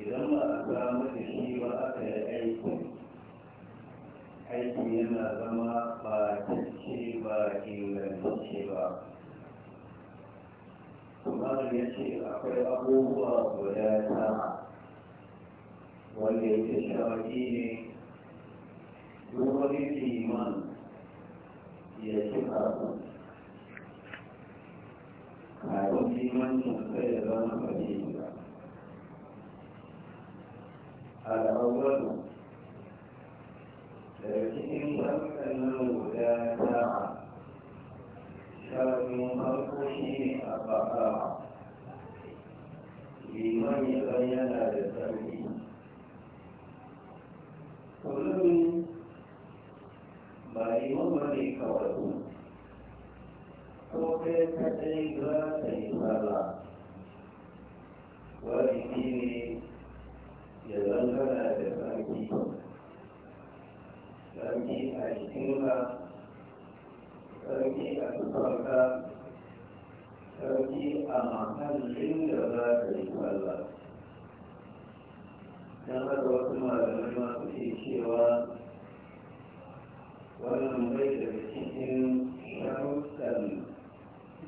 idan ba a samu da shi ba aka yi aiki aiki yana zama ba cike ba ingantacce ba kuma ya ce akwai abubuwa guda ta wanda ya yake shawaki ne duk wani liman ya cika su kafin limancin sai da zama fahimta a gaban gano daga cikin ɗanɗan nan guda ta shafin farko shi ne a faɗa liman ya bayyana da sarki kullum ba liman ba ne kawai ko kai kaɗai za ta yi sallah wani ne ya zangana da sarki sarki a jikinka sarki a tufarka sarki a makallin da za ka yi sallah don haka wasu malamai masu ke cewa wannan bai da cikin sharuɗan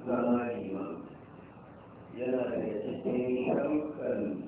zama liman yana da cikin sharuɗan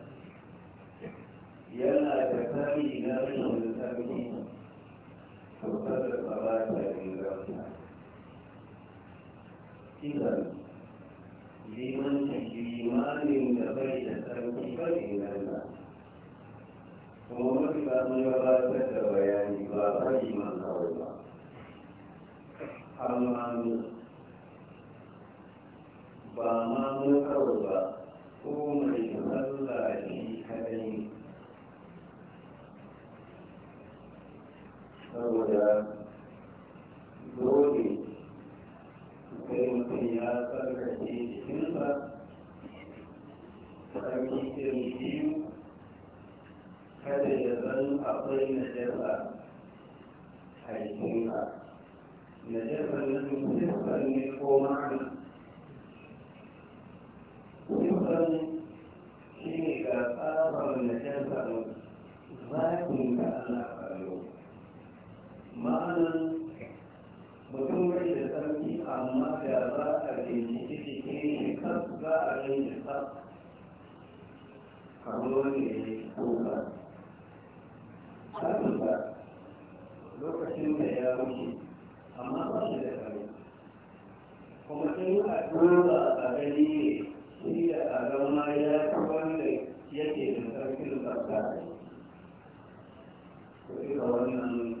yana da tsari na rashin tsarki sosai da tsara ta inganta idan limancin limanin da bai da tsarki bai inganta kuma mafi sun gabatar da bayani ba a liman kawai ba amma ba ma mun kawai ba ko mai sallah ne saboda dole sai mutum ya tsarkace jikinsa tsarki irin biyu kada ya zan akwai najasa a jikinsa najasa na jikinsa ne ko ma'ana jikinsa shi ne ga tsabar najasa zaɓin ga Allah ma'anar mutum bai da sarki amma da za a binciki cikin shi kan za a rinji kan kamar ne ya koka ba lokacin da ya wuce amma ba shi da kare kuma in a duba a gani ne shi da a zama ya fi wanda yake da sarkin sarka to ita wannan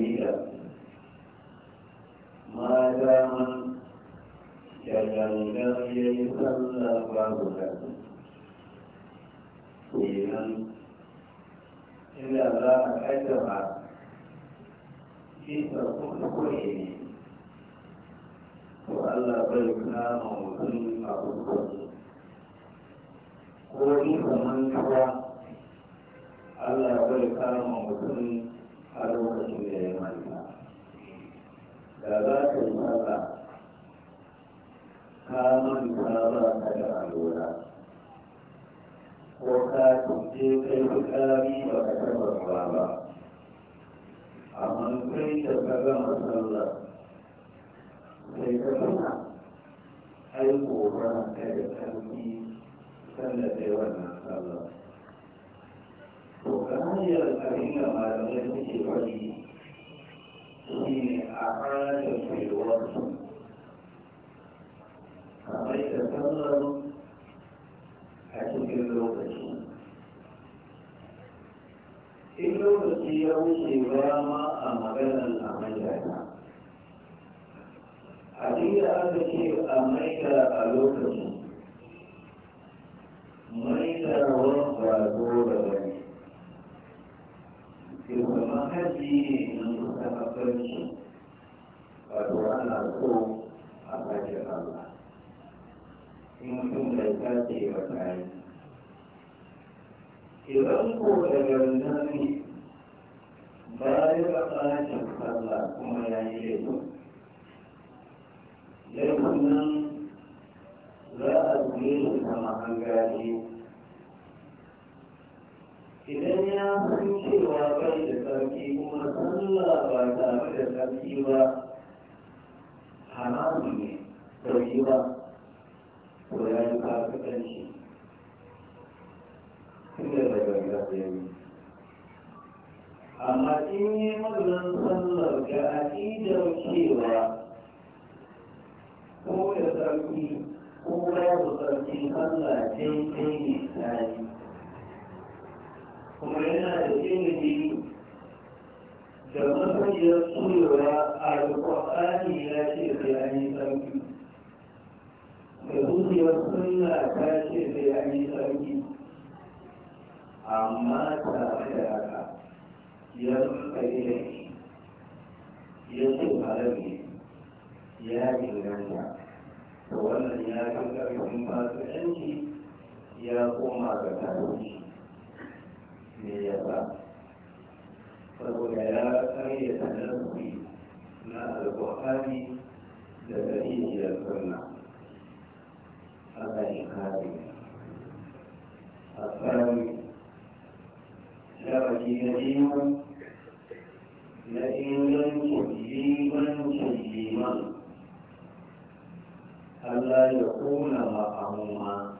kabila mata man jagangar ya yi sallah babu kasu kenan ina za a kaita ba kisa kuma kwaye ne to allah bai kama mutum a kusur ko ni kaman allah bai kama mutum har lokacin da ya manta da za ka yi mata ka manta ba ka da alora ko ka tuke kai fitsari ba ka taɓa ba. ba amma kai da ka gama sallah sai ka tuna ai gobe ka da ƙarfi sannan sai wannan sallah to ga hanyar abin da malamai suke faɗi shi ne a ƙarashin su. kamar da sallar a cikin lokaci in lokaci ya wuce ba ma a maganar a maidana abin da aka ce a maida a lokaci maida wani ba dole ba shugaban na ba wato a Allah idan ko daga nan bayan a kajin Allah kuma ya yi laifin laifin nan za a zuwa shi ta mahanga idan ya san cewa bai da sarki kuma sallah ba tare da sarki ba haramun ne sarki ba ko ya yi kafikan shi inda da ganga da yi amma in yi maganin sallar ga aƙidar cewa ko da sarki ko da sarki sallah daidai ne tsari kuma yana da ilimi da masaniyar tsurewa a alƙwa'ani ya ce sai yi sarki da zuciyar suna ta ce sai yi sarki amma tare da haka ya suka ilimi ya ce malami ya inganta to wannan ya kan ƙarfin fasu yanki ya koma ga tarihi Me ya ba saboda ya karye sanarci na alƙur'ani da daliliyar sunna Allah ya kare a tsarin shabaki na biyu na ingancin limancin liman Allah ya kuna ma'amuma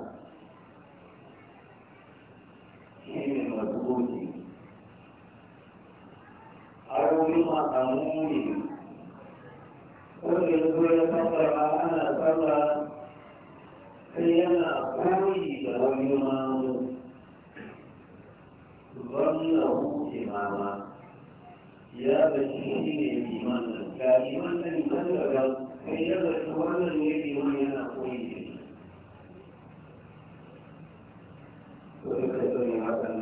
shine mazuri ayoyi makamu ne wanda ya zo ya tabbara ana tsalla sai yana koyi da wani mamu wanda huce mama ya bashi shi ne liman ga liman da liman da ga sai ya bashi wannan ne liman yana koyi da shi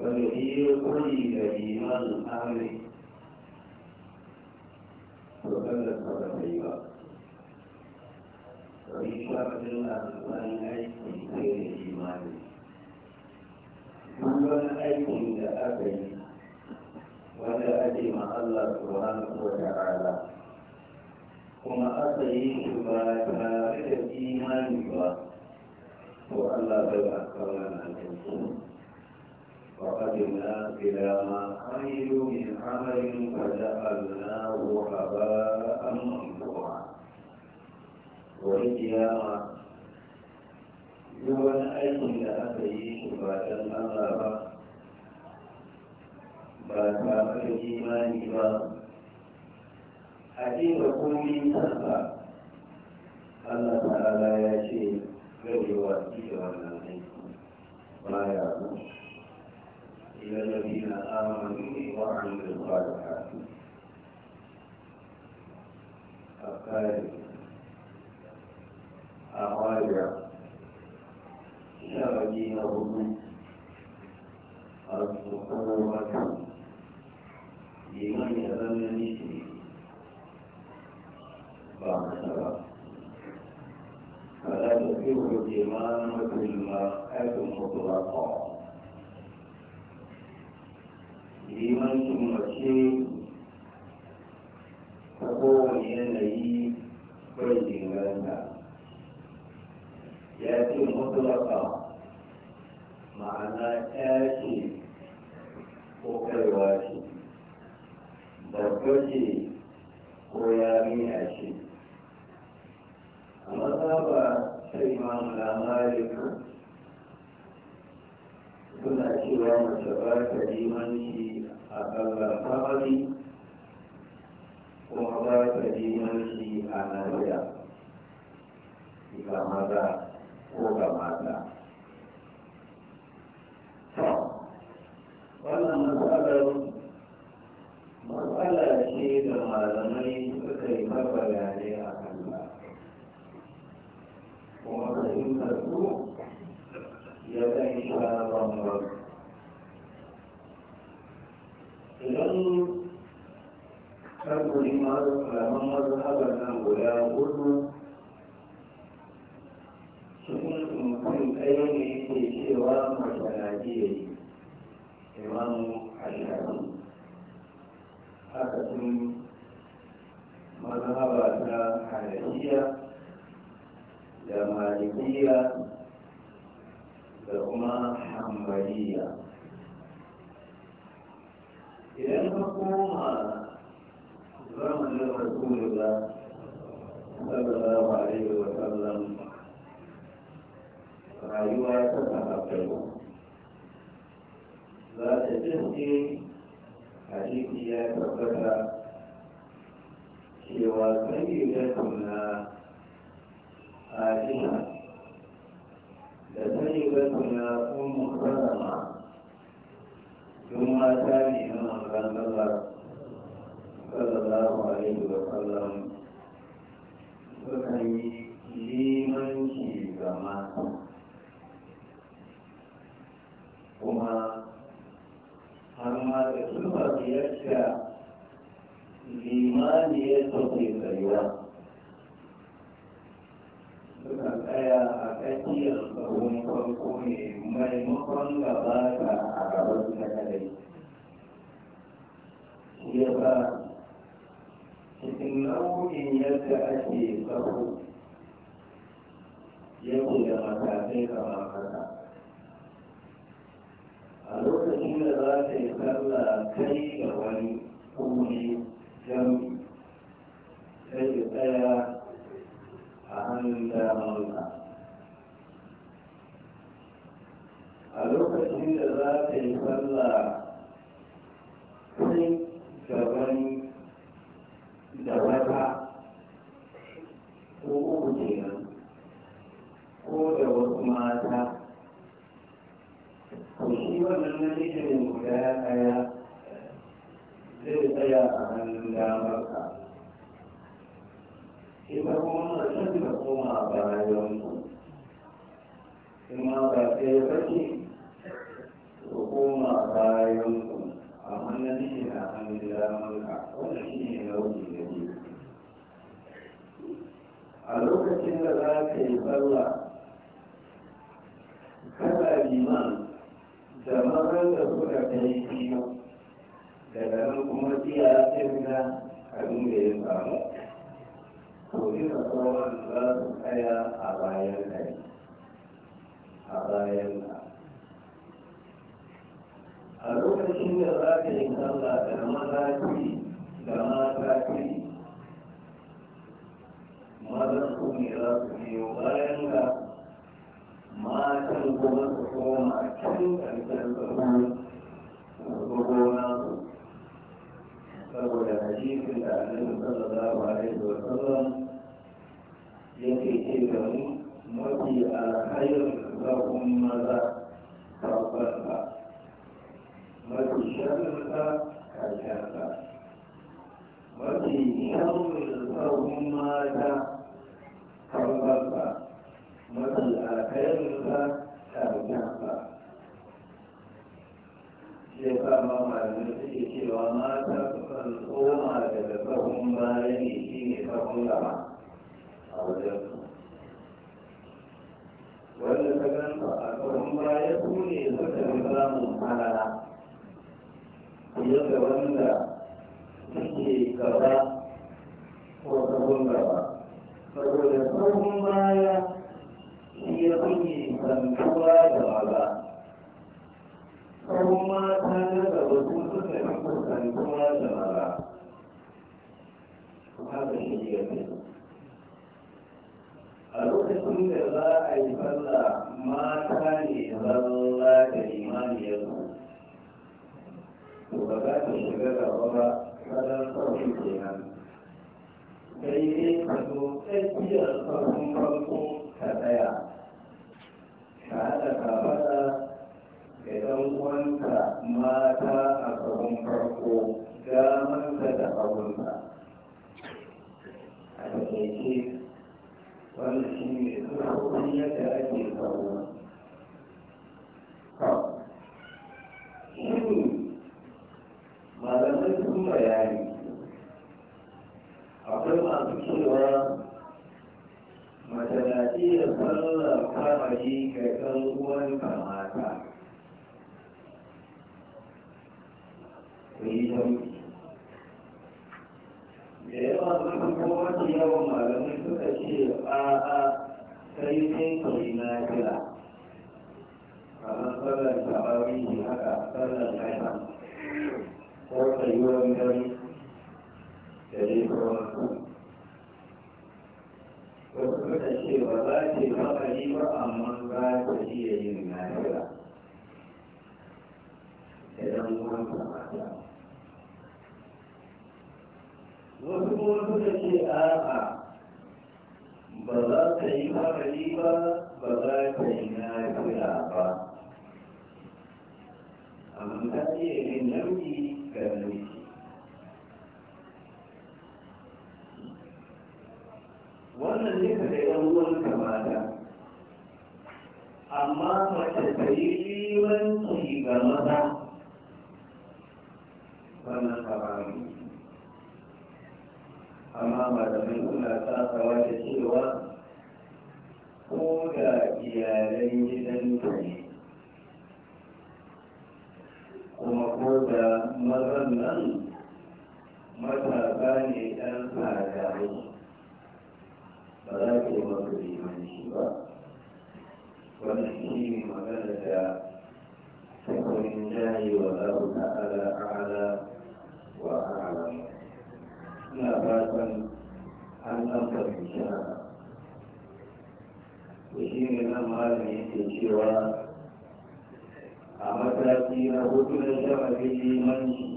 والذي قيل بمن أمره وكذا صدق الله وإن شاء الله أن أيكم خير إيمانه Bukan aikin da aka yi wanda ake ma Allah subhanahu wa ta'ala kuma aka yi shi ba tare da imani ba to Allah bai ba kawai na kansu وقدمنا إلى ما عملوا من عمل فجعلناه هباء منثورا والقيامة يوم أيضا لأبيه بعد الأمر بعد الإيمان بعد حقيقة كل سبب Allah ta'ala ya ce garewa ce wannan aiki baya mutu إلى الذين آمنوا وعملوا الصالحات الثالث الرابع إلى مدينهم الصحوة لمن يظل مثلي بعد شرف فلا تطيعوا دماء المرأة مطلقا pé mm. kuma har ma da kuma yadda limani ya sauke tsayuwa suka tsaya a tsakiyar tsawon farko ne maimakon gaba ta a gaban su ta kadai shi ya ba cikin nau'in yadda ake tsawo yake da matakai kamar haka a lokacin da za ka yi sallah kai ga wani kuri jami kai ya tsaya a hannun damanka a lokacin da za ka yi sallah kai ga wani da wata ko uku ko da wasu mata to shi wannan namijin guda ɗaya zai tsaya a hannun damarka ita kuma mutum da koma bayan ku kuma ba sai kake ko koma bayan ku amma namijin a hannun damarka wannan shi ne nauyi da biyu a lokacin da za ka yi sallah kasa liman da marar da suka kai biyu daga nan kuma iya tsirga abin da ya samu ko duka sauran za su kaya a bayan kai a bayan ka a lokacin da za ka yi sallah da maza ci da mata ci maza su ne za su biyo bayan ka matan kuma su koma can karshen gona saboda hadisin da annabi sallallahu alaihi wa sallam yake ce da mu mafi alkhairin zakon maza farkonsa mafi sharrinsa karshensa mafi sharrin zakon mata farkonsa مثل كلمة كابتنها shekara suke cewa mata sukan koma daga kafin baya ne shi ne kafin gaba a wajen ne halala yadda wanda suke gaba ko kafin gaba saboda tsohon baya ya kunye santuwa da baba kuma ta daga wasu suka fi santuwa da baba haka shi ya fi a lokacin da za a yi falla mata ne zalla da imaniyarsu to ba za ta shiga gaba ba salon sauki kenan sai dai ka zo tsakiyar farkon farko ka tsaya ka haɗa kafaɗa ga ɗan uwanka mata a gaban farko damanka da abunta. a taƙaice wani shi ne tsohon yadda ake kawo Shin malamai sun bayani akwai masu cewa mace na iya tallafa mashi ga ɗan uwan kamata ku yi sauki da yawa sun ko mafi yawan malamai suka ce a'a sai sai ku yi na kira kamar sallar tabari haka sallar kasa ko tsayuwar gari da dai sauransu wasu ce ba za ba amma ta yin kuma suka ce a'a ba za ta yi makari ba ba za ta yi nafila ba amma ta iya yin nauyi ga nauyi wannan ne ka da yan uwan mata amma mace ta yi limanci ga maza wannan haramu amma ba malamai suna tsasawa da cewa ko da iyalan gidan ta ne kuma ko da mazan nan matasa ne ɗan tsada ba za ka yi masa shi ba wannan shi ne magana da tsakonin jahi wa zaru ta'ala a'ala wa a'ala ina fatan an an fahimci haka to shi ne nan malami yake cewa a mataki na hudu na shafafin limanci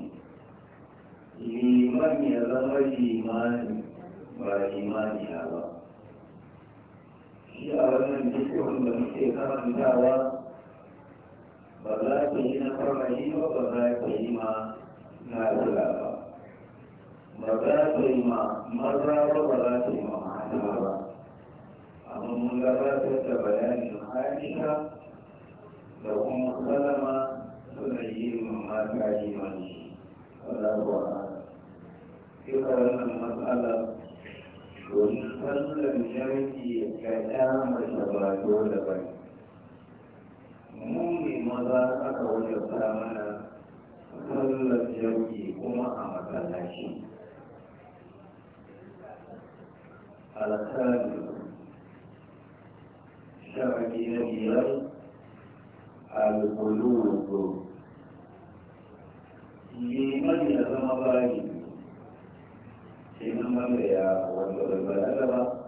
liman ya zama limani ba limani ba shi a wannan jikin da muke karantawa ba za ka yi na farmashi ba ba za ka yi ma na zula ba ba za ka yi ma maza ba ba za ka yi ma ma'ana ba amma mun gabatar da bayanin hajjika da kuma salama suna yi ma mata yi mani. shi ba. Ita wannan matsalar domin sallar sharki ga ɗa mace ba dole ba ne mu ne maza aka wajabta mana sallar sharki kuma a masallaci alkhali sharki na biyar al-qulub ya wanda bai balaga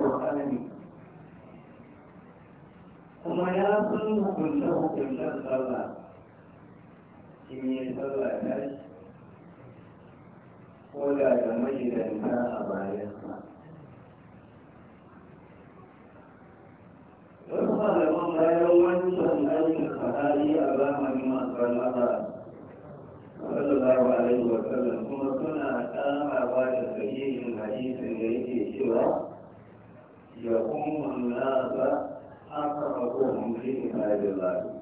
القرآن ثم يرسل كله قبل الصلاة إني صلى الناس ولا يمجد الماء بعيدها Allah ya yi wa sallan kuma suna ta hawa da sahihin hadisin da yake cewa يقوم الناس أقربهم في عباد الله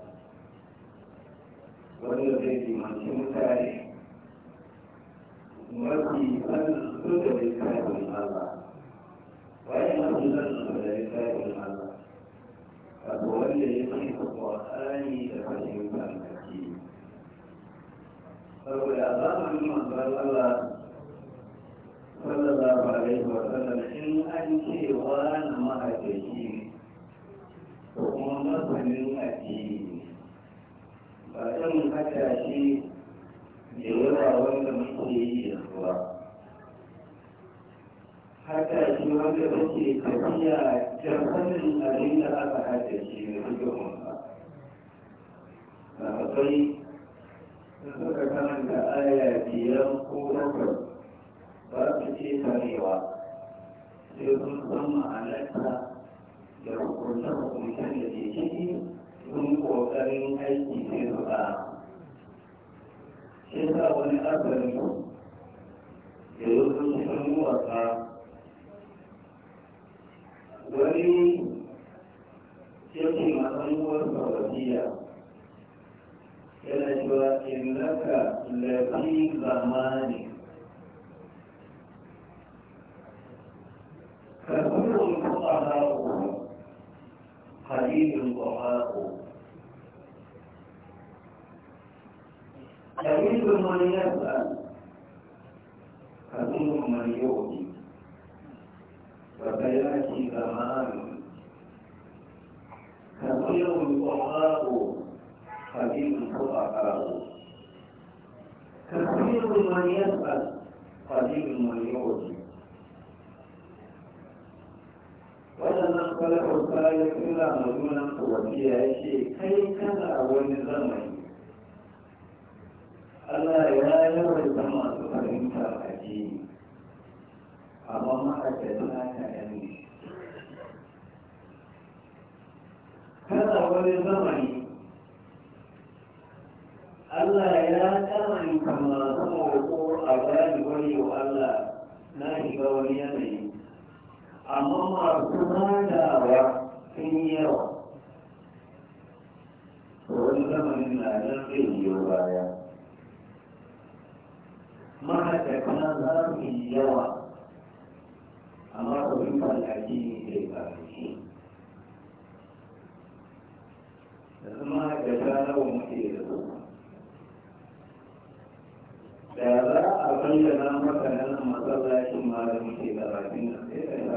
والذي يمشي متعلم mafi sun da bai kayan Allah bayan abin da sun da bai kayan Allah wanda ya fi ka kwasani da fahimtar da ke saboda zamanin manzan Allah sallallahu alaihi wa sallam in an ce wani mahaifaci ne ko kuma ba shi da yawa wanda muke yi da ruwa haɗa shi wanda tafiya da sanin akwai suka karanta aya biyar ko bakwai ba su ce tarewa sai sun san ma'anarta da hukunta-hukuntar da ke ciki sun ƙoƙarin aiki sai su ba shi sa wani asali da ya zo cikin wasa wani yake masan wasa wasiya yana cewa in laka lafi zamani فكل الفقهاء قليل الضحاء قليل من يسأل كثير من يؤتي وسيأتي زمان كثير الضحاء قليل الفقهاء كثير من يسأل قليل من يؤتي waɗannan kwallon kwallon ya kula mazunan kowaciya ya ce kai kana wani zamani Allah ya yawaita masu fahimta a jini amma ma'aikata ta yanzu kana wani zamani Allah ya tsananta masu mawako a gani wani wa Allah na shiga wani yanayi amma masu madawa sun yi yawa wani zamanin na nan zai biyo baya mahaɗaka za su yi yawa amma kudin falaki ne zai faruki da kuma da shanawa muke da su da za a bayyana maka nan masallacin ma da muke da rafin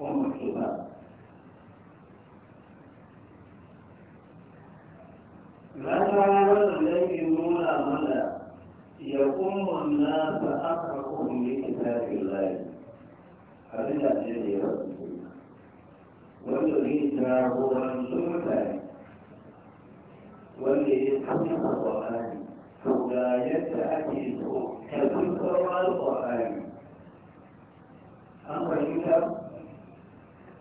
ومكتوبات ماذا الذي يولى منا يقوم الناس أقربهم لكتاب الله هذا الذي ويريد هو الزمتان والذي يتحدث القرآن فلا يتأكد كتب القرآن أما الكتاب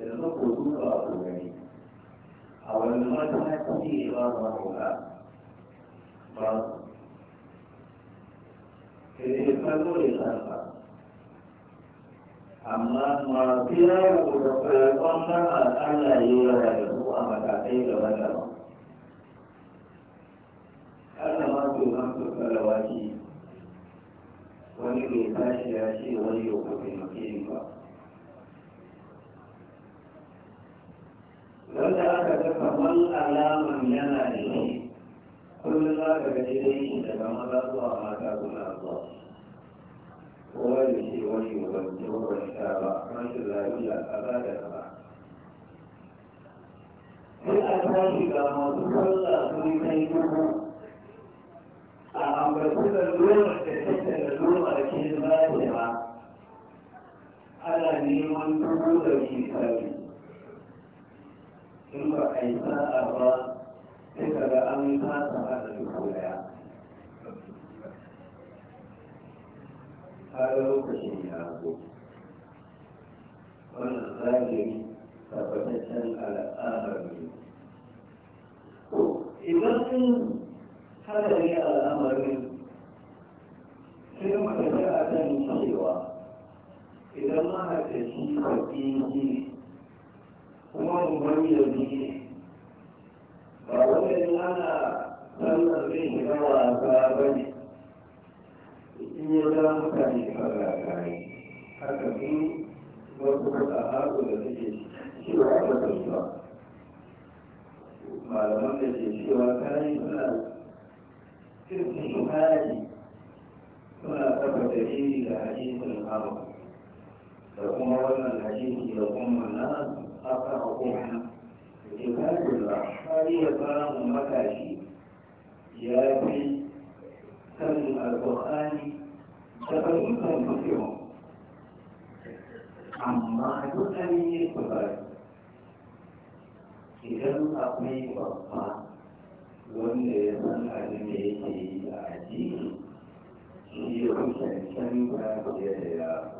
yanzu ku duba ku gani a wani mataki ne ba za ku ga ba sai dai kallo ne kansa amma masu yawo da farkon nan al'ala yi wa rayuwa a matakai daban-daban ana masu masu kalawaki wani mai tashi ya ce wani yau ku taimake ni ba wanda aka ga kamar alaman yana da shi kullum za ka ga daidai shi daga maza zuwa mata suna zuwa kowa da shi wani wani wani ta ba rashin lafiya kaza da kaza sai a tashi ga masu sallah sun kai dubu a ambaci da lura da kake da lura ke zafi ba ana neman dubu da shi sabi in ba a yi sa'a ba sai ka ga an fasa ba da duk daya har lokacin ya zo wannan zahiri tabbataccen al'adar ne idan sun hada ne al'amarin sai muka ga a kan cewa idan mahaifaci baƙi ne kuma umarni da biyu ba wani ana wannan zai yi wasa ba ne in ya zama mutane faragari haka fi wasu al'adu da suke cewa ba ta zuwa malaman da ke cewa kayan suna cikin shuhari suna tabbata shi da sun abu da kuma wannan hadisi da kuma nan haƙaƙun jihadullah har ya samu matashi ya fi sanin alƙur'ani da fahimtar mutum amma duk an yi su bari idan akwai babba wanda ya san abin da yake yi a addini shi ya fi cancan ba da ya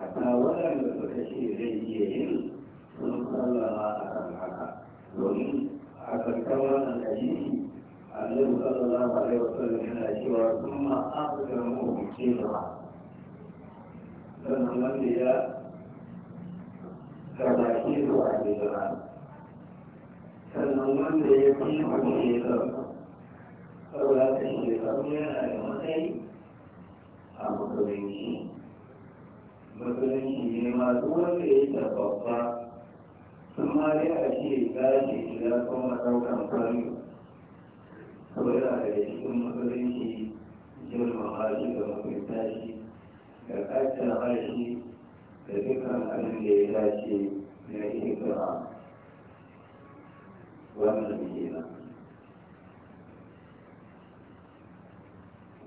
hata waɗanda suka ce zai iya yin sun sallama a kan haka domin a karkar wannan hadisi annabi sallallahu alaihi wasallam yana cewa sun ma afirka mu ke ba sannan wanda ya gabashe su a jira sannan wanda ya fi kuma ke sarfa saboda ta shi sarfa yana da matsayi a musulunci musulunci ne ma duk wanda ya yi babba ثم يأتي ذاتي إلى كان روكا فريق ولا يشكم فريشي جل مخاشي ومكتاشي كأكثر غاشي كذكرا أن ليلاشي من الإقرار ومن الجنة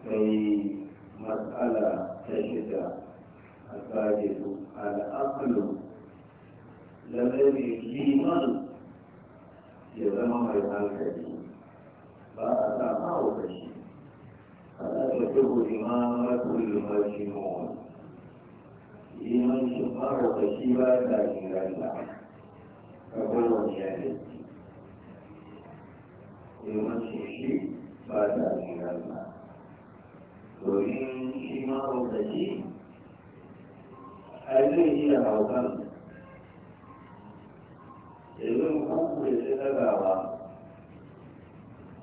في مسألة تشد على أقل lallai mai liman ya zama mai hankali ba a sa ma'aukaci ala da tuhu imamar shi mawani liman shi ma'aukaci ba ta inganta ka kowane yanki liman shi shi ba shi inganta domin shi shi a yi da haukan da uku da ta dagawa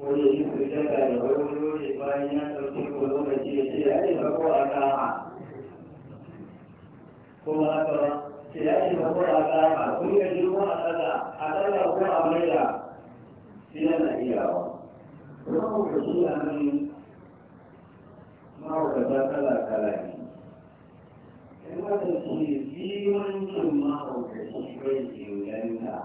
wani yi ku daga da wani lokaci bayan ya ɗauki ko lokaci ya ce ya ce ko a kama kuma haka ce ya ce ko a kama kun ga shi ko a tsada a tsada ko a maida shi yana iyawa kuma ku shi a nan ma'aurata kala-kala ne in wata ce biyu ma'aurata shi ke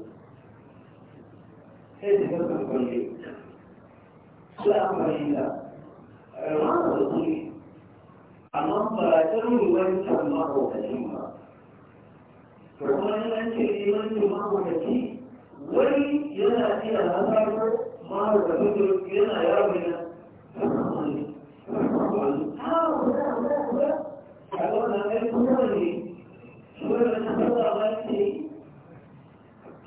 sai da gaba kwalle su a amfani da rana da kuri amma ba ta ruru wani can mahaukaci ba kwanan ce limanci mahaukaci wani yana iya hasafar mahaukacin da yana yaro yana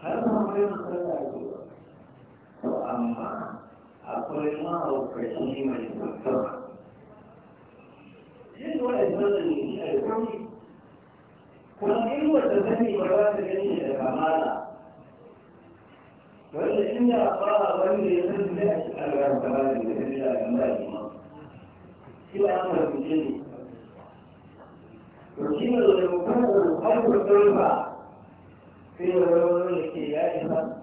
Thank you. amma akwai mahaukaci mai mutum yin wani da kuri kuma ba za ta gani da kamala wanda inda ba wanda ya san da shi Allah ta ba da gani da kamala ma shi ba an rubuce ne to shi ne da kuma ba sai da wani ke ya isa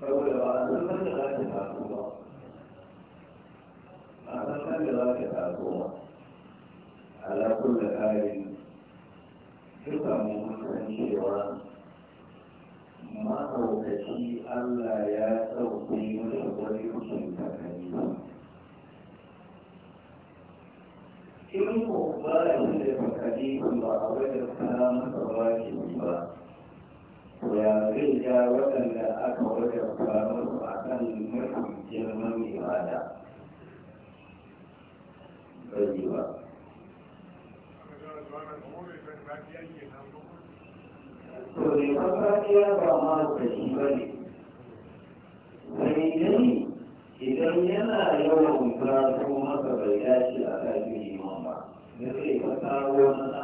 saboda ba a san da za ka taso ba a san da za ka taso ba ala kulla kayan duka mun san cewa mahaukaci Allah ya ɗauki masa wani hukun kakanni in ko ba shi da kakanni ba a wajen kama masa ba ba ya zai ja waɗanda aka wajabta musu a kan mafi girman ibada bai ba to ne farfaɗiya ba ma da shi ba ne sai dai idan yana yawan zafi maka bai dace a kan yi ba da zai fasa wani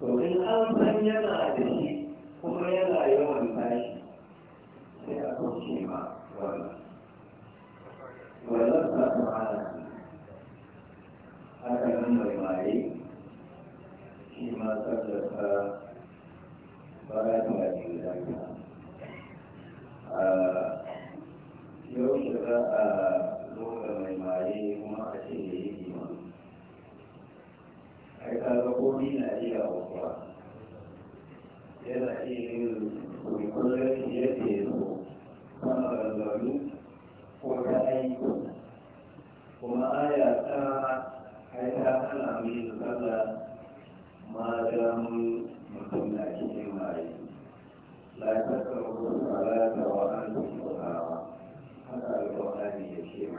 to in an san yana da shi kuma yana yawan tashi sai a kauce ma wannan wannan sa ta hana haka nan mai maye shi ma sarrafa baya ta wajen zaka yau shiga a zo mai maye kuma a ce ai kaga komi na iya aukuwa yana iya yin kulkular yadda ya so kan zanzaru ko ta aiko kuma aya ta ai ta hana mu ma da mutum na cikin maye la ta karbu salata wa an tuka haka alƙawari ya ce mu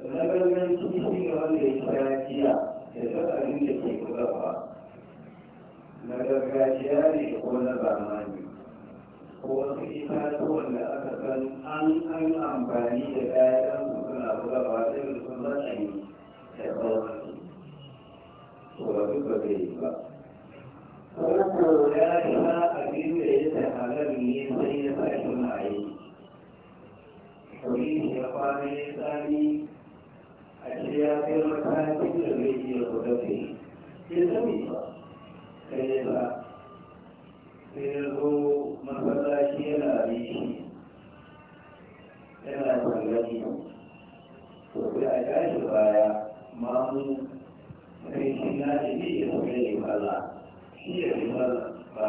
na ganin sun fi wanda ya kira jiya da duk da ke gaba na gargajiya ne ko na zamani ko wasu itatuwan da aka san an an amfani da ɗayan su suna bugawa irin su zanen da sauransu to ba duk ba zai yi ba ko ya sha abin da ya ta halar ne sai ya sa shi ma'aiki. Kuri ya kwana ya tsani a ce ya kai matakin da zai iya ya sai ya yana yana sai a mamu na ya shi ya yi ba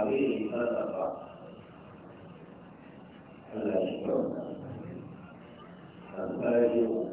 yi ba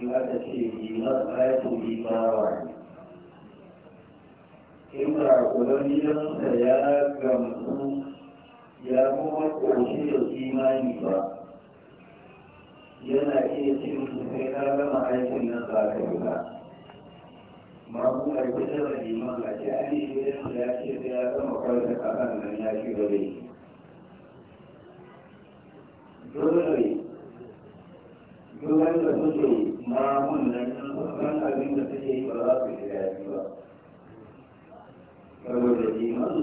in aka ce masu liman ɗakin limawa ne in ba gidansa ya gamsu ya kuma ƙoshi da imani ba yana iya cin su sai ka gama aikin nan za ka yi ba masu kusa da liman a ce an yi gidansa ya ce sai ya gama kwarta kasan nan ya ci gaba dole dole da suke yi mamun nan kan abin da take yi ba za su ji daɗi ba saboda liman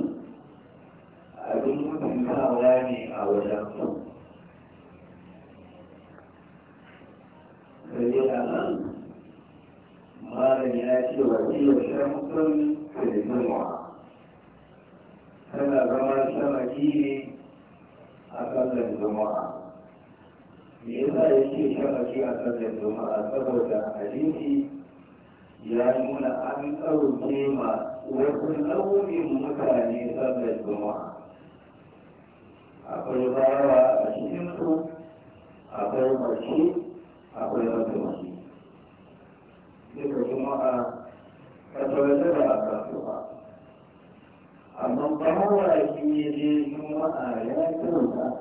abin mutuntawa ne a wajen su sai a nan malam ya ce wa iya shamsun kalimuwa tana zama shamaki ne a kallon juma'a me yasa ya ce sharafi a sallar juma'a saboda hadisi ya nuna an ɗauke ma wasu nau'in mutane sallar juma'a akwai bawa a cikin su akwai mace akwai mataimaki duka juma'a ta tsawaita da a kasuwa amma bawa shi ya je juma'a ya kyauta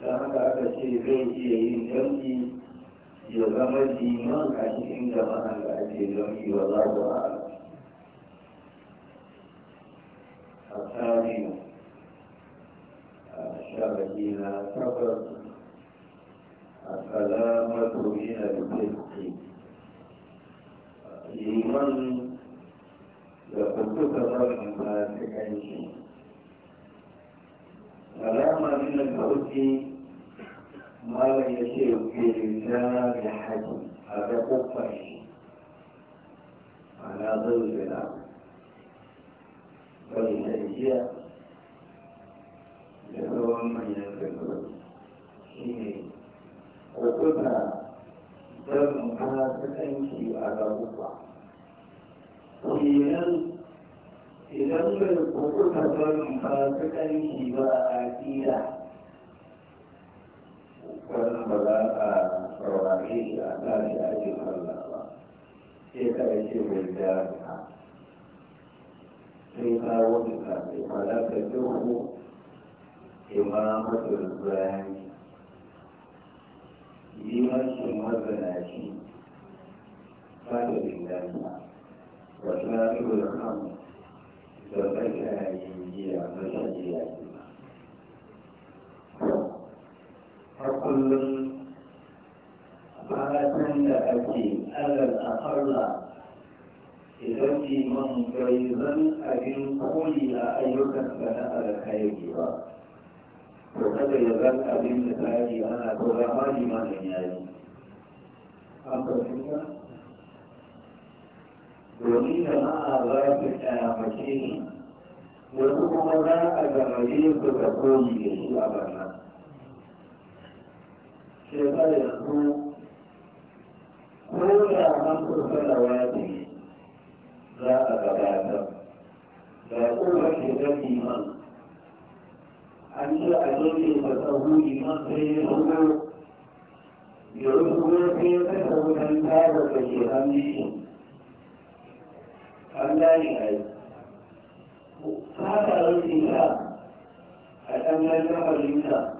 don haka aka ce zai iya yin jam'i ya zama liman a cikin jama'an da ake jam'i wa za ku a الثاني الشرعين سبب السلامة من الفسق لمن kan shi. فاسقين سلامة da الفسق malam ya ce firza da haji a ga kofar shi ana zauzula bai tanjiya da tsawon manyan zazzabi shi ne kokuta don fasikanci a ga kofa kenan idan bai kokuta don fasikanci ba a ƙira wannan ba za a saurare shi a sa shi a cikin ba sai ka yi ce mai jami'a sai ka wani kafin malaka jihu Yi zani magana shi, ba da dinganta wasu na da kan da yin jiya na mashajiya ne har kullum matan da ake alal akalla idan liman bai zan abin koyi a ayyukan da na alkhairi ba to kada ya zan abin da tsari ana tura ma limanin yayi an fahimta domin jama'a za su kyamace ni wasu kuma za a gamaje su da koyi da shi a barna shekara yanzu ko da an kurfa da wajibi za a gabatar da kowa shekar liman an ce a gefe da tsawo liman sai ya shigo ya rufu ya sai ya kasa wutan tara da ke hannun shi an gane a yi haka rashin a ɗan gajiyar halitta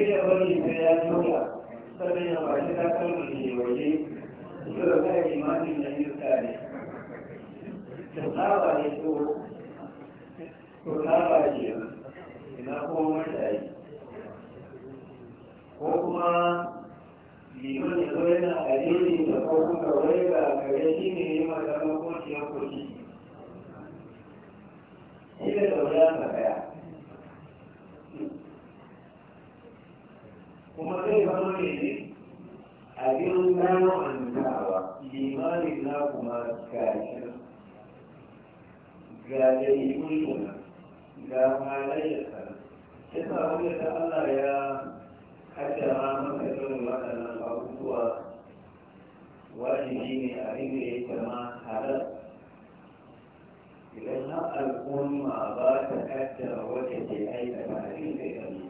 kira bari da ya nuna sannan ya ba kasar waje su da imanin da da ne ko ko ne ko kuma liman zo yana da ko wai ga gare ne ya mata makon shi ya shi kaya kuma zai zama ne ne abin lawantawa limanin na kuma gashi ga dalilin nuna ga halayyarsa ya sa wanda ta Allah ya kaddara maka irin waɗannan abubuwa wajibi ne abin da ya zama halar idan har al'umma ba ta kaddara wata ke aikata abin da ya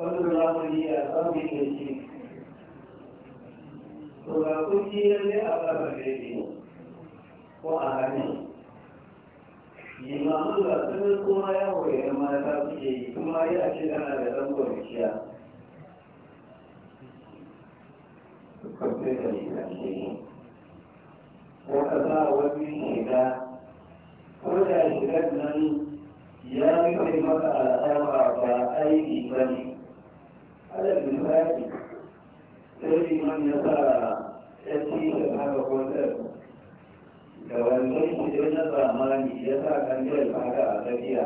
sallallahu alaihi wa sallam ya ce to ga kuki ne a baba da ne ko a hannun limamu ga sanar kuma ya hoye mata suke yi kuma a ce ana da zan kwanciya ko ka za a wani shiga ko da shigar nan ya rufe maka al'arwa ba aiki ba ne alal misali sai ya sa ya ci da haka kwatar da wannan shi na zamani ya sa kanjar haka a tafiya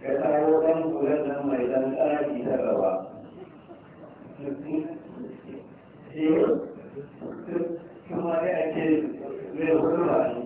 ya kawo ɗan kuren nan mai dan tsari ta gaba kuma ya ake mai hulwa ne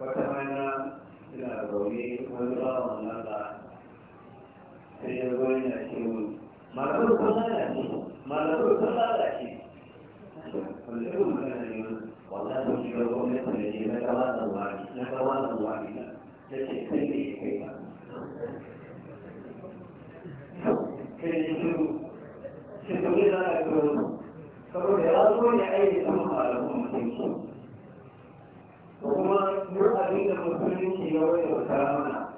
wata rana suna zaune wani bawan nasa sai ya zo yana ce mun malamar kun lalace malamar kun lalace wanda ya kuma kana wanda ta shiga gwamnati da ne na kawa da wani na kawa da wani na ya ce kai ne ya kai ba kai ne shiru shi kuma yana da kuma saboda ya zo ne aiki sun malamun mutum kuma mun abin da musulunci ya wani wata mana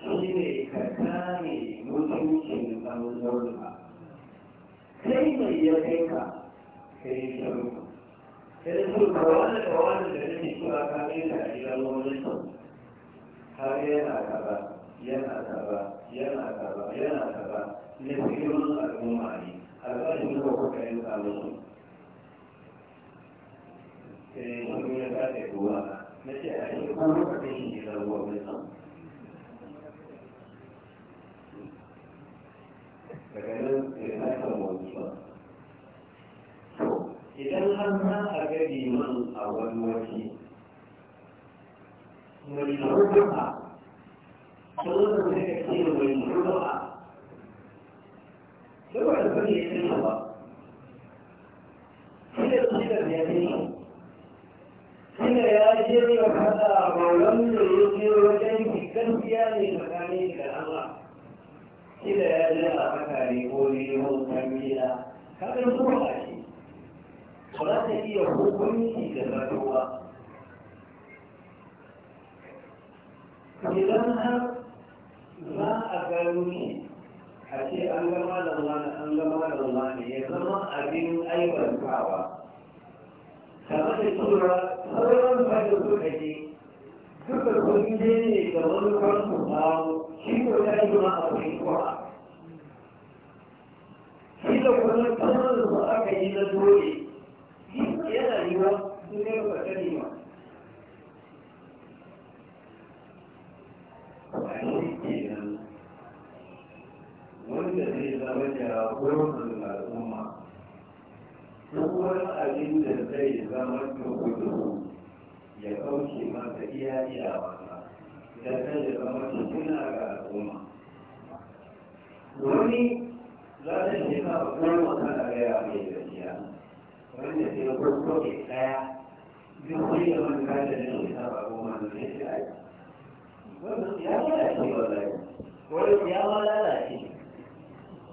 shi ne ka kame mutuncin ɗan ba kai mai ya kai ka kai shiru sai su ka wani da wani da nake cewa ka kai ka gidan wani har yana ka ba yana ka ba yana ka ba yana ka ba ne su yi wani al'umma ne a ƙarshen da kuka yi musu na ce a yi kuma ne idan har ma a gari man a wani waje mai ruwa sauran da ka ce mai ruwa da wani ba ne ya ba. Sai da su da ya tunda ya je ya faɗa ba wanda ya je wajen cikin biya ne tsakani da Allah kila ya je a haka ne ko ne ko tamila kaɗan zuwa a shi ba za ta iya hukunci da zato ba. idan har za a gano shi a ce an gama da wani an gama da wani ya zama abin aibantawa kamar da tura sauran fadin lokaci duka kudin ne da wani kwanku bawo shi ko ya yi ma a kai kuwa shi da kuma kamar da aka yi na dole yana yi wa sun yi ba ta yi wa wanda zai zama da wurin duk wani abin da zai zama gudu ya kauce masa iya iyawa da zai zama tuna ga al'umma wani za ta shiga a goma kana gaya mai gajiya wanda ke gurgo ke daya duk wani da wani kada ne ya sa a goma da zai shi aiki wani ya lalace wallahi wani ya lalace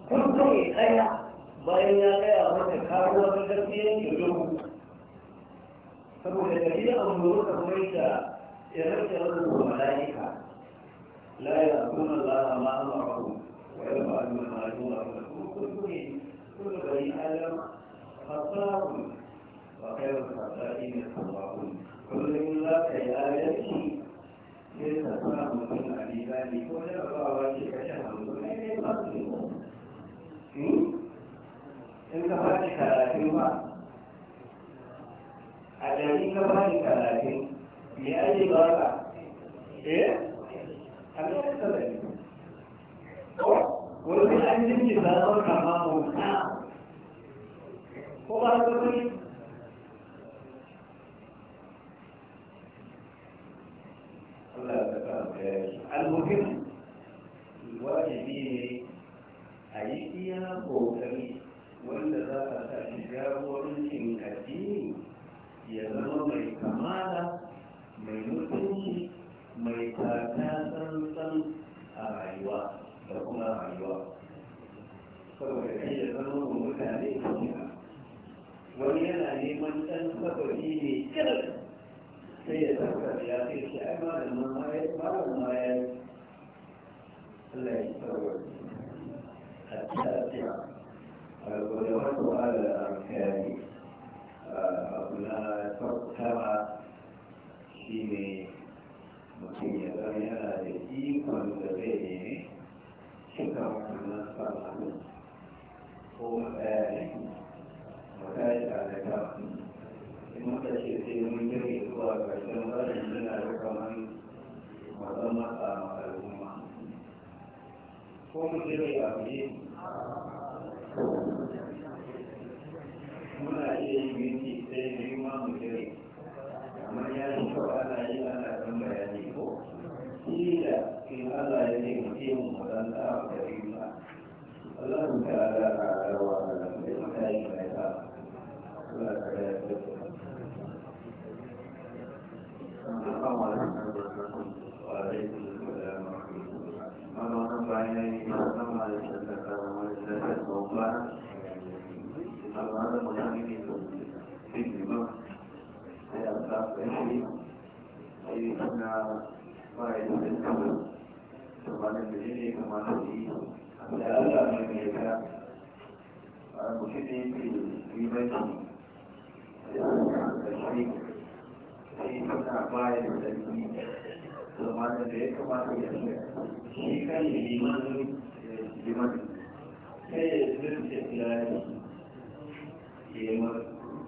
gurgo ke tsaya. bayan ya gaya mata karuwa ta gaskiyan yau saboda tafiya an zuru ka kuma ita ire-iren da mala'ika la ya kuma za a ma'amaru wa ya ba da ma'amaru a kuma kuma ne kuma da yi alam fasahun wa kai wa fasahi ne sabahun kullum za ka yi alalci sai ka sa mutum a nisa ne ko da ba wa ce kashe hamsin ne ne ba su ne in ka faɗi karatun ba a ɗari ka faɗi karatun me ake ba ka eh a me ake ka zai wani an jinki zaɓar kama mota ko ba ka kuri Allah ka ka al-muhim ne a iya kokari wanda za a sa shi jagorancin addini ya zama mai kamala mai mutunci mai tata tsantsan a rayuwa da kuma rayuwa saboda kai ya zama mu mutane kuma wani yana neman ɗan sabari ne kyau sai ya zaka ya ce shi ai da ma ya fara ma ya Allah ya tsawar a cikin ودورت على الأركان أبناء تركها شيني mutum ya zama yana da ikon da zai nemi cika wannan sana'in ko matsayari a ta sai mun gani zuwa ƙarshen wannan yana da kamar matsan matsa al'umma ko mu muna iya yi minti ɗaya biyu mu amma ya yi kyau ana ɗan ko kila in Allah ya ne mutum mu dan ta ba ba wa da ƙarfi a suna da da kamata yi da mai a mutum ne ke ribanci da shi suna da da kamata ya shi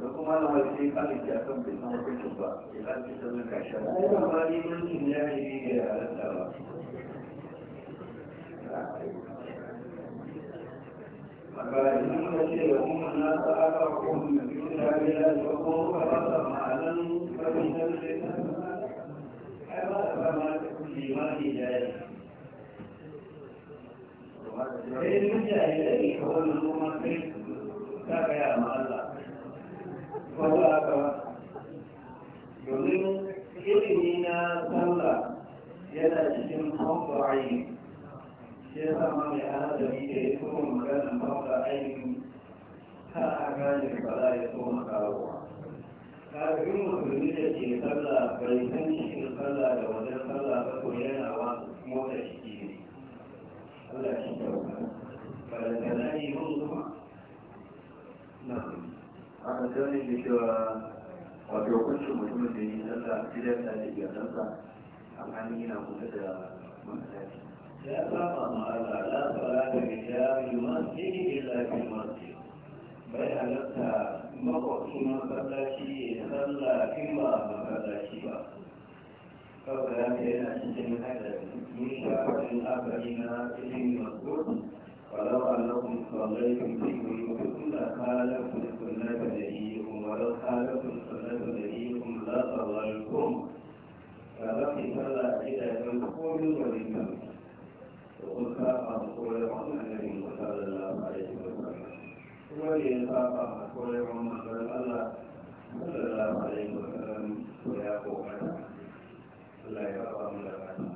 da kuma na wasu yi ya kan bai san ba ya kalin ta zai kashe ba ya ba ni mulkin ya yi ya halatta ba maka idan muka ce da kuma na ta aka kuma da biyu da ya yi da kuma ba ba ba ma'anan da zai ai ba ba ma limani ya yi sai mutane da ke kawai kuma kai ta gaya ma Allah wato a domin ilimi na tsalla yana cikin kwamfa ainihin shi ya sama mai ana da ni da ya kuma maganin kwamfa ainihin har a gane ba za ya so makawa kafin musulmi da ke tsalla, bai san cikin tsalla da wajen tsalla ba ko yana wa motsa ciki ne Allah shi kyauta ba da tsanani mun zuma? na aka sai da cewa wato hukuncin mutumin da yi sallah a cikin da da iyalansa amma ni yana kusa da masallaci ya saba ma Allah la fara da rijali masjidi illa fi masjid bai halatta makwabcin masallaci ya sallah in ba a masallaci ba kawai ya ce yana cikin hadarin mun shafa in aka yi na cikin masjid ولو أنكم صليتم في بيوتكم لخالفتم سنة نبيكم ولو خالفتم سنة نبيكم لضللتم فبقي فلا إلى منكم ولكم وقل خاف مقولكم النبي صلى الله عليه وسلم ولي خاف مقولكم مثل الله صلى الله عليه وسلم ويا قومنا لا يرحم لنا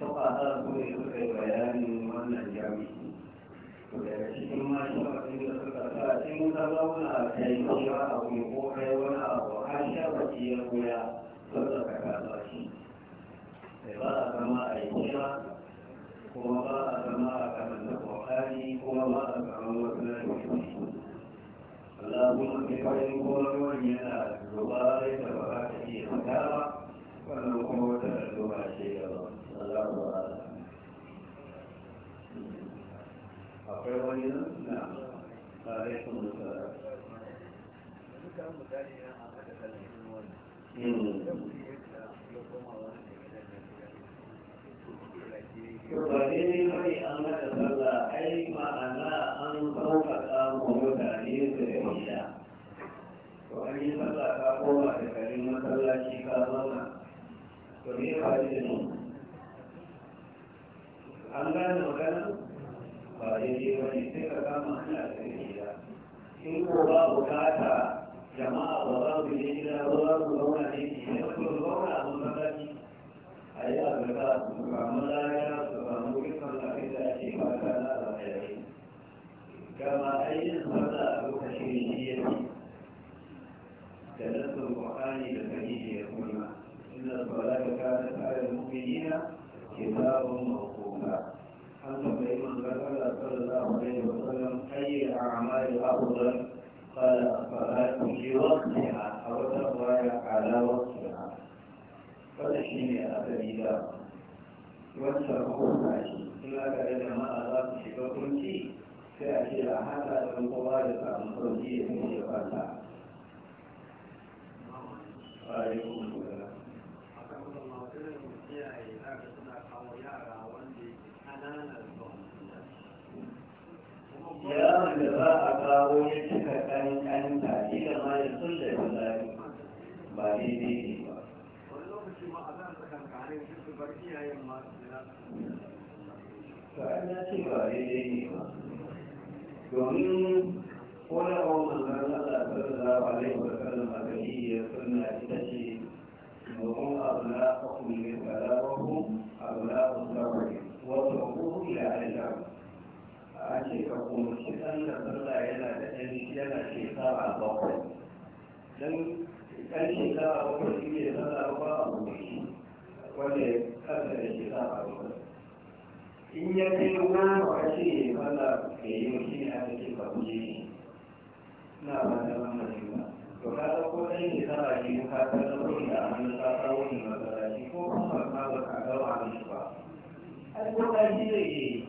kafafa su ne suka yi bayanin wannan jami'i daga cikin mashi da suka sa in ka zauna ka yi cewa abu ko kai wani abu har sha baki ya koya saboda ka kasa shi ba a zama a yi kira kuma ba a zama a karanta ƙwaƙari kuma ba a zama wasu na shi Allah kuma ke kwayin kowar yana zuba da ba za ta iya fita ba wannan kuma wata zuba ce gaba وإلى نعم عليكم السلام Kebali mai amma da sallah ai ma'ana an da an yi ka koma masallaci To An ba daidai ba ne sai ka kama hanya ta gida in ko ba bukata jama'a ba za mu je gida ba za mu zauna ne ne ba mu zauna a masallaci a yi azurka su samu lariya su samu dukkan abin da ake fata na alheri kama aikin sallah a lokacin ne da nasarar Qur'ani da sahihi ya kuma إن الصلاة كانت على المؤمنين كتاب موقوتا أنت صلى الله عليه وسلم أي الأعمال أفضل قال الصلاة في وقتها أو الرواية على وقتها فلشين أبدا والسرقون أشي إلا كأن ما أراك شبكم شيء فأشي هذا من قوارب المخرجية من شبكها وعليكم السلام ورحمة الله وبركاته. yaron da za a kawo ya cika ƙanƙanta ila ma ya sun da zari ba daidai ne ba wani lokaci ma a zan tsakankanin su bar iyayen masu jira an ya ce ba daidai ne ba domin wani awon zan Allah sallallahu alaihi wa a gari ya ita ce وهم أبناءكم من بلاغهم أبناء الزوج wasu إلى أهل الأرض a ce ka umarci ɗan da sallah yana da ɗan yana shekara bakwai don ɗan shekara bakwai shi ne sallah ba a umarci wanda ya kasa da shekara bakwai in ya kai goma a ce sallah ke yi shi ne aka ce ka kuje shi na ba da mamaye ba to ka ɗauko ɗan shekara ne ka kasa wani da hannun ka kawo ne masalaci ko kuma ka ba ka kawo hannun shi ba ai ko ɗan shi zai yi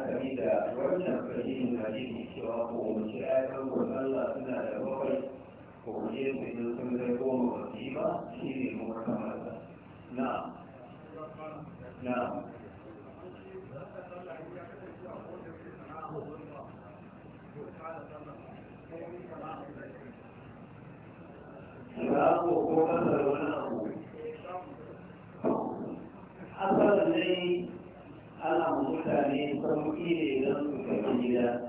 da wannan fahimtar hadisi cewa ko Allah suna da bakwai ko je sun zai goma ba su yi ba shi ne da na na Sura ko ko Asalin ana mutane sauƙi ne don su kafa gida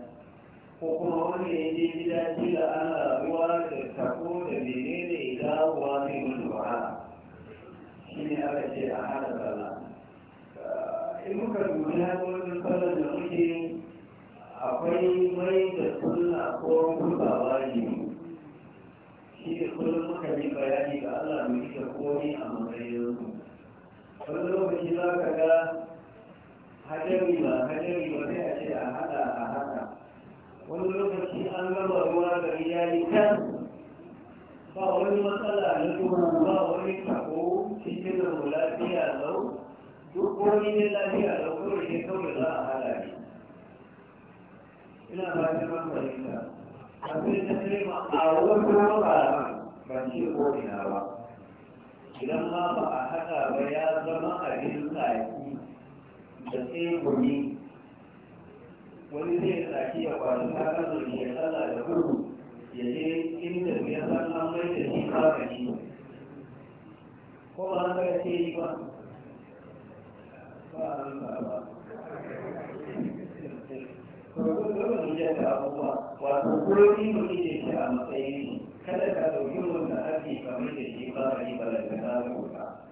ko kuma wanda ya je gida kila ana rabuwa da tako da menene dawowa mai mutu wahala shi ne aka ce a hada sallah eh, in muka dubi hanyoyin sallar da muke akwai mai da sunna ko kusawa ne shi da kullum muka yi bayani ga Allah mu yi da komai a matsayin wani lokaci za ka ga hajjari ba hajjari ba sai a ce a haɗa a haɗa wani lokaci an gama ruwa da yi ta ba wani matsala na duhu ba wani tabo cikin da lafiya lau duk wani ne lafiya lau kawai ne kawai za a haɗa ne ina ba ta mamfarinka a kai ta nema a wani kuma ba ban ce ko ina ba idan ma ba a haɗa ba ya zama abin tsaki da tsegumi wani zai tsaki ya kwanin kakar da ya tsalla da gudu ya je inda ya san an mai da shi magani ko ba an kai yi ba ba an ba ba kurkun gaba da ya ga abubuwa wato kurori mutum ya ce a matsayin kada ka ɗauki wanda ake kamar da shi magani ba da ka tsara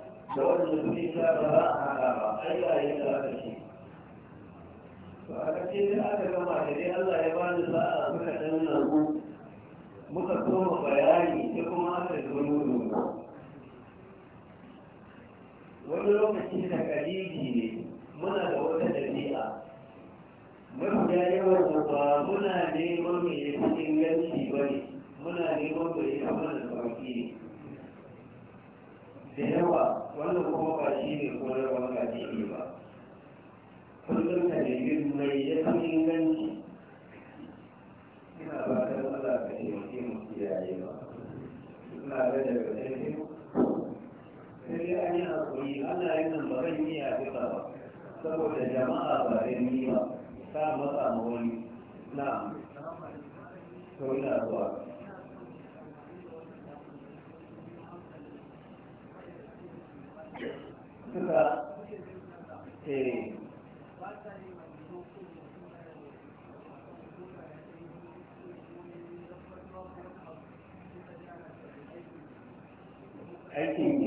da wanda zai sa ba a haɗa ba yi da aka ce ba a ce da aka gama da dai Allah ya ba ni sa'a muka ɗan nagu muka koma bayani ta kuma aka zo nuno wani lokaci da kaliji ne muna da wata ɗabi'a mafiya yawan ba muna neman mai cikin yanci ba ne muna neman mai kamar da ne da yawa wannan kuma ba shi ne koyar wanda ne ba kullum ka nemi mai ya fi inganci ina ba ta Allah ka taimake mu kiyaye ba ina ga daga sai sai an yi hakuri Allah nan ba zan yi a duka ba saboda jama'a ba zan yi ba ta matsa ma wani na'am to ina zuwa suka eh, aikin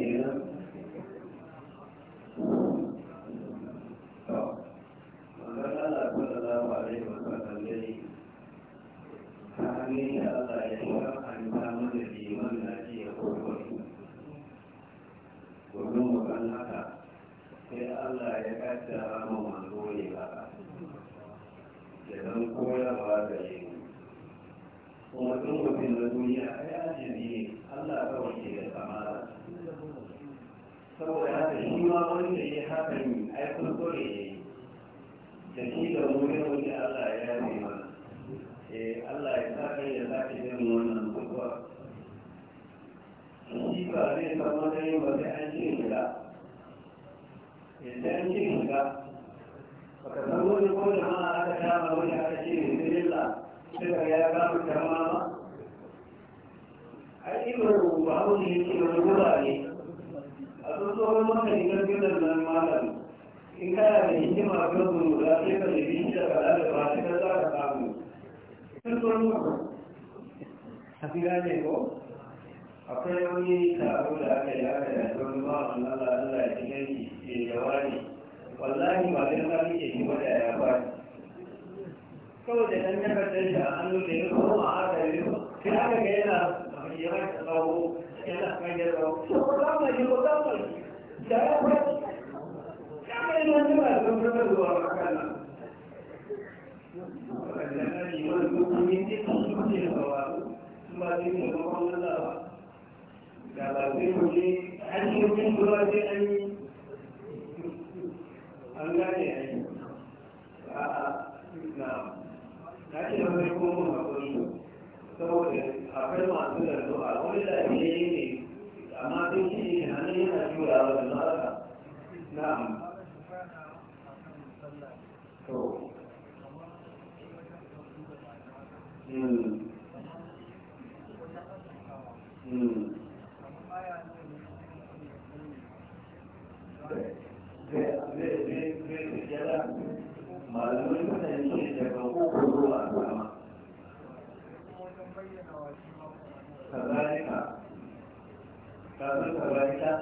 kafin ka ba ita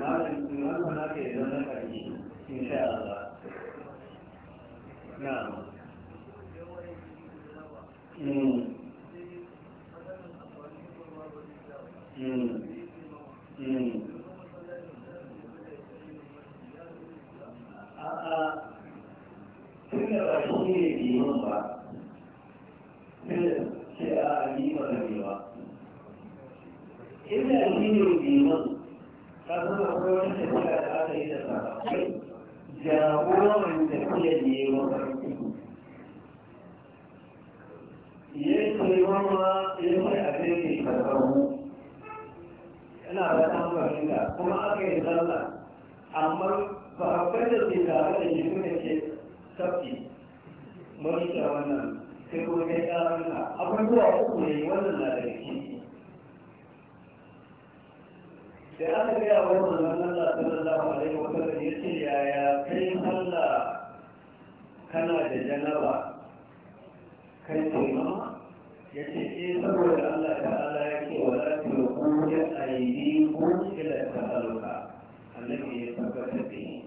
malin iman ka naka ya zama karshe insha Allah na Mm. Mm. kuma ilmai a kai ke da tambarin da kuma aka yi zalla amma ba a da ke tare da tafi mun da wannan sai kuma kai ƙarar na abubuwa uku ne wannan na da shi sai aka gaya wa wannan Allah sallallahu alaihi wa sallam yace yaya kai Allah kana da janaba kai ne ma Yace ce eh, saboda Allah ta'ala ya ce wa la tulqu bi aydikum ila ta'aluka annabi ya tabbata da ni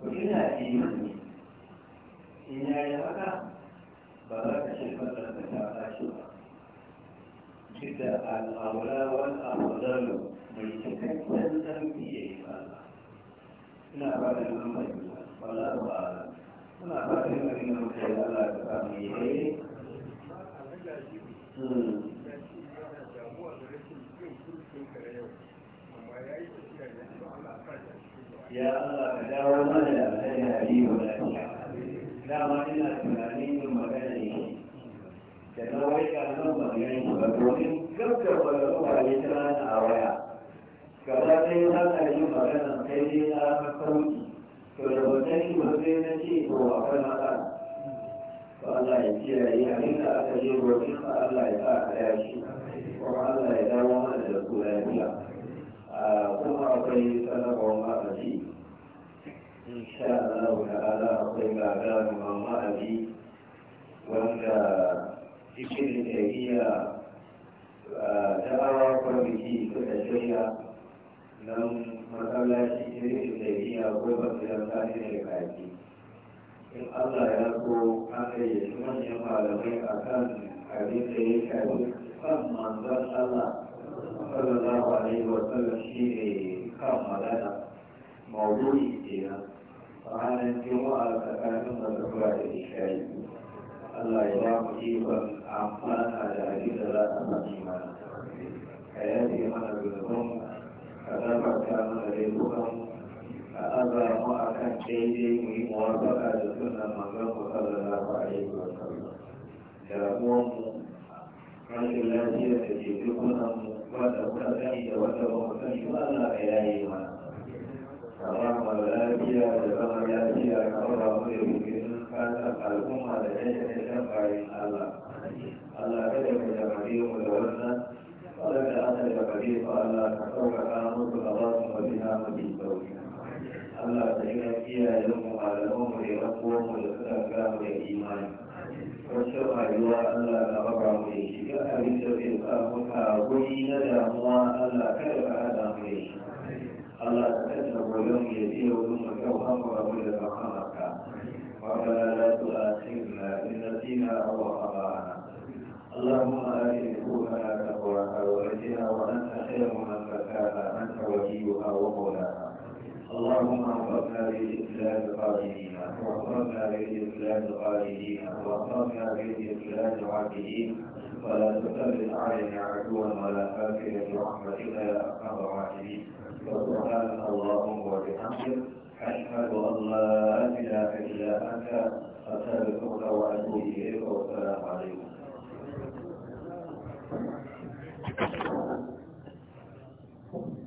ko ina imani in ya yi haka ba za ka ce fadar da ta tashi ba duk da al'aula wal afdalu mai cikakken tsarki ya yi fara ina ba fatan an bayyana wala ba ina da nan bayyana mutane Allah ta samu yi ya Allah ka dawo mana da kai hariyu lafiya dama ina tunanin yin magana ne da na wai ka nan magana ne ba domin gaggaba da kwaye ta rana a waya gaba ɗaya na ƙarfi magana sai dai na sauki to da wannan yi sai na ce to akwai matsala Allah ya kiyaye abin da aka yi gurbin Allah ya sa a yashi kuma Allah ya dawo mana da su lafiya kuma akwai sanarwar ma'aji insha Allah ta'ala akwai gagarumar ma'aji wanda cikin tafiya ta awa kwamiti suka shirya nan matsalaci cikin tafiya ko ba su yanka ne da kaki in Allah ya so an gayyaci manyan malamai a kan abin da ya shafi kan manzon Allah sallallahu alaihi wa sallam shi ne kan magana maudu'i kenan ranar juma'a tsakanin mazaɓa da nishayi Allah ya ba mu ikon amfana da abin da za a sami mana ka yafe mana A ka ta mana da laifukanmu أذر مأكا شيدي موافقة لسنة مقام صلى الله عليه وسلم يقوم رجل لا سيرة يجيبكم ولا تسأل ولا تسأل ولا إلهي من سلام ولا سيرة ولا سيرة كبر مريم كانت الأمة لديك شفاء الله الله كتب جمعيه متولنا ولك أنت جمعيه فالله كتبك أمرك الله وبها مجيب زوجها Allah ta yi kiyaye mu malaman mu da yakuwa mu da suka gama da imani wasu rayuwa Allah na raba mu da shi ga abin da bai sa muka guri na damuwa Allah kada ka hada mu da shi Allah ta kanta goyon ya ce wani mu kyau an ba mu da rahamarka ربنا لا تؤاخذنا إن نسينا أو أخطأنا اللهم آت نفوسنا تقواها وزكها وأنت خير من زكاها a وليها ومولاها اللهم وفقنا للإسلام القائدين ووفقنا للإسلام القائدين ووفقنا للإسلام العابدين ولا تسلط علينا عدوا ولا فاكرا برحمتك يا أرحم الراحمين وسبحانك اللهم وبحمدك أشهد أن لا إله إلا أنت أستغفرك وأتوب إليك والسلام عليكم Thank you.